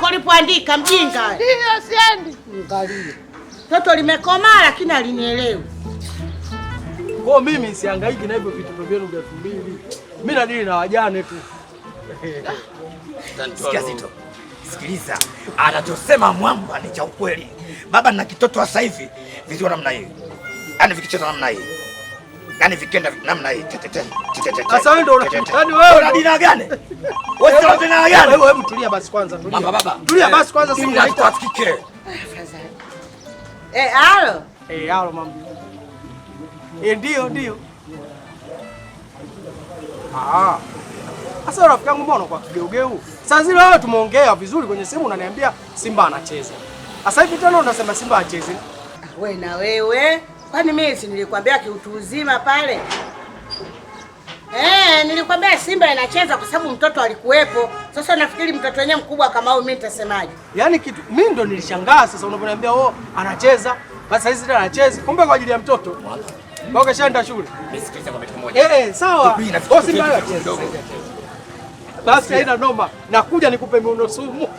wako ulipoandika mjinga. Ndio siendi. Angalia. Toto limekomaa lakini alinielewa. Kwa mimi siangaiki na hivyo vitu vyenu vya 2000. Mimi na nadili na wajane tu. Sikia Zito. Sikiliza, anachosema mwamba ni cha ukweli. Baba na kitoto sasa hivi viziwa namna hii, yaani vikicheza namna hii yani vikenda namna hii? Sasa wewe ndio unakutani wewe. Una dina gani? Wewe sio dina gani? Wewe hebu tulia basi kwanza, tulia. Baba baba. Tulia basi eh, kwanza simu naita afikike. Eh, alo. Eh, alo mama. Eh, ndio ndio. Ah. Sasa rafiki yangu mbona kwa kigeugeu? Sasa zile wewe tumeongea vizuri kwenye simu unaniambia Simba anacheza. Sasa hivi tena unasema Simba acheze. Ah, wewe na wewe. Kwani mimi si nilikwambia kiutu uzima pale? Eh, nilikwambia Simba inacheza kwa sababu mtoto alikuwepo. Sasa nafikiri mtoto wenyewe mkubwa kama huyu mimi nitasemaje? Yaani kitu mimi ndo nilishangaa sasa unaponiambia oh anacheza, basi hizi ndio anacheza. Kumbe kwa ajili ya mtoto. Mbona kashaenda shule? kwa mtu mmoja. Eh, sawa. Oh, Simba anacheza. Basi haina noma. Nakuja nikupe mionosumu.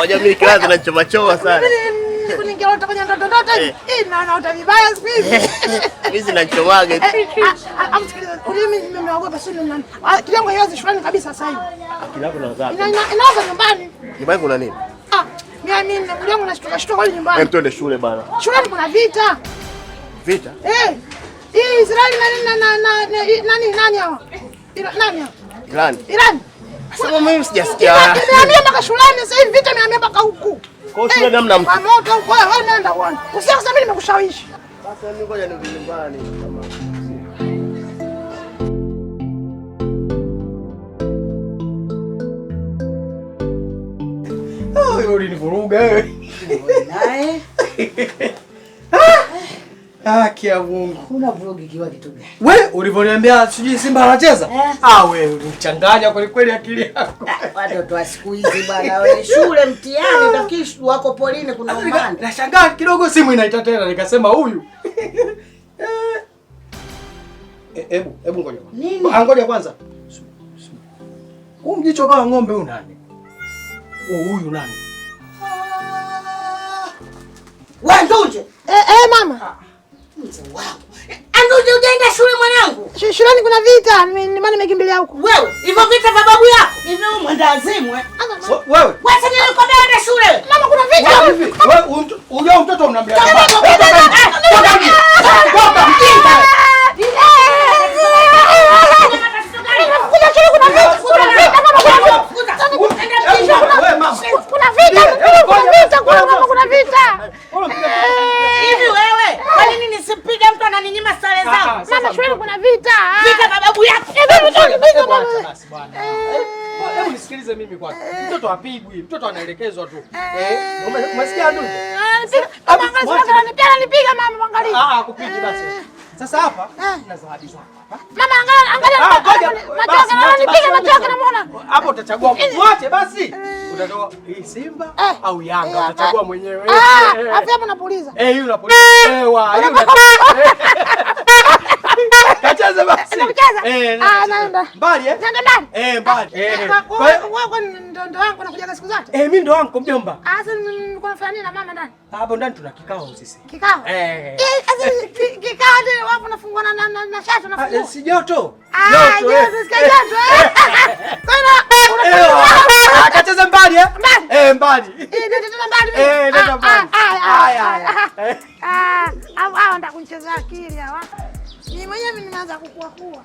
Wajamilikilazi nachomachoa sana naota vibaya siku Nyumbani kuna nini? Mimi na mdomo nashtuka shtuka huko nyumbani. Hem, twende shule bana. Shuleni kuna vita. Vita? Eh. Hii Israeli na na na nani nani hao? Nani hao? Iran. Iran. Sasa mimi sijasikia. Nimehamia mpaka shuleni sasa hivi vita nimehamia mpaka huku. Kwa hiyo shule eh, namna mtu. Pamoja huko wewe nenda uone. Usianze mimi nimekushawishi. Sasa mimi ngoja nirudi nyumbani kuvuruga wewe. Naye. Ah, kia Mungu. Kuna vlogi kiwa kitu gani? Wewe ulivyoniambia sijui Simba anacheza? Eh. Ah, wewe ulichanganya kweli kweli akili yako. Ah, watoto wa siku hizi bwana wewe shule mtihani ah. takishi wako polini kuna umani. Nashangaa kidogo simu inaita tena nikasema huyu. E, ebu, ebu ngoja kwanza. Ah, ngoja kwanza. Huu mjicho kama ng'ombe huyu nani? Huyu nani? Wewe Ndunje. Eh, eh mama. Ah. Ndunje yaani ujaenda shule mwanangu? Sh shuleni kuna vita, maana nimekimbilia huko. Wewe, hivyo vita vya babu yako. Hivyo mwenda eh. Wewe. Wewe sasa nilikuwa shule. Mama kuna vita. Wewe, huyo mtoto mnamlea. mama, shule kuna vita. Vita babu yako. Hebu eh, nisikilize mimi kwanza. Eh. Mtoto apigwi, mtoto anaelekezwa tu. Eh, eh umesikia ndugu? Mama mama angalia. Ah, ah, akupigi basi. Sasa hapa na zawadi zako. Mama angalia, angalia. Ah, Machozi ananipiga na muona. Hapo utachagua mwache basi. Utatoa hii Simba au Yanga, utachagua mwenyewe. Ah, hapo unapuliza. Eh, hii unapuliza. Eh, wa, Kacheza basi. Eh, ah, naenda. Mbali eh? Naenda ndani. Eh, mbali. Ah, eh. Kwa hiyo ndo wangu nakujaga siku zote. Eh, mimi ndo wangu mjomba. Ah, sasa nilikuwa nafanya nini na mama ndani? Hapo ndani tuna kikao sisi. Kikao? Eh. eh sasa kikao ndio wapo nafungwa na na shatu ah, nafungwa. Si joto. Ah, joto, si joto. Kwa hiyo akacheza mbali eh? Eh, mbali. Eh, ndio mbali. Eh, ndio ah, mbali. Haya, haya. Ah, hao ndio kuncheza akili hawa inaanza kukua kuwa.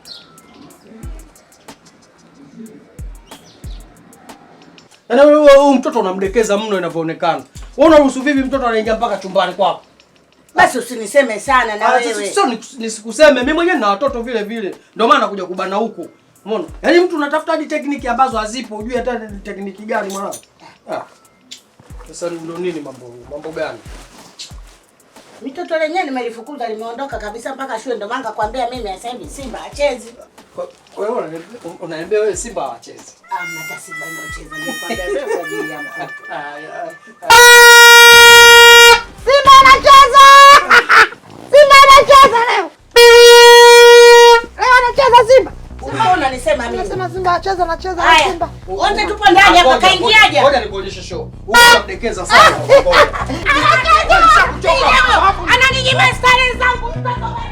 Na yaani wewe huyu mtoto unamdekeza mno inavyoonekana. Wewe unaruhusu vipi mtoto anaingia mpaka chumbani kwako? Basi usiniseme sana na ah, wewe. Sio nisikuseme, mimi mwenyewe na watoto vile vile. Ndio maana nakuja kubana huku. Umeona? Yaani mtu unatafuta hadi tekniki ambazo hazipo, hujui hata tekniki gani mwanangu. Ah. Sasa ndio nini mambo mambo gani? Mitoto lenyewe nimelifukuza limeondoka kabisa mpaka shule, ndio maana nakwambia mimi sasa hivi Simba hachezi. Kwa hiyo unaniambia wewe Simba hachezi? Ah, mnataka Simba ndio cheza. Nikwambia wewe kwa ajili ya mtoto. Ah, ah! cheza cheza na cheza na Simba. Wote tupo ndani hapa kaingiaje? Ngoja nikuonyeshe show. Unamdekeza sana. Ananinyima stare zangu mtoto.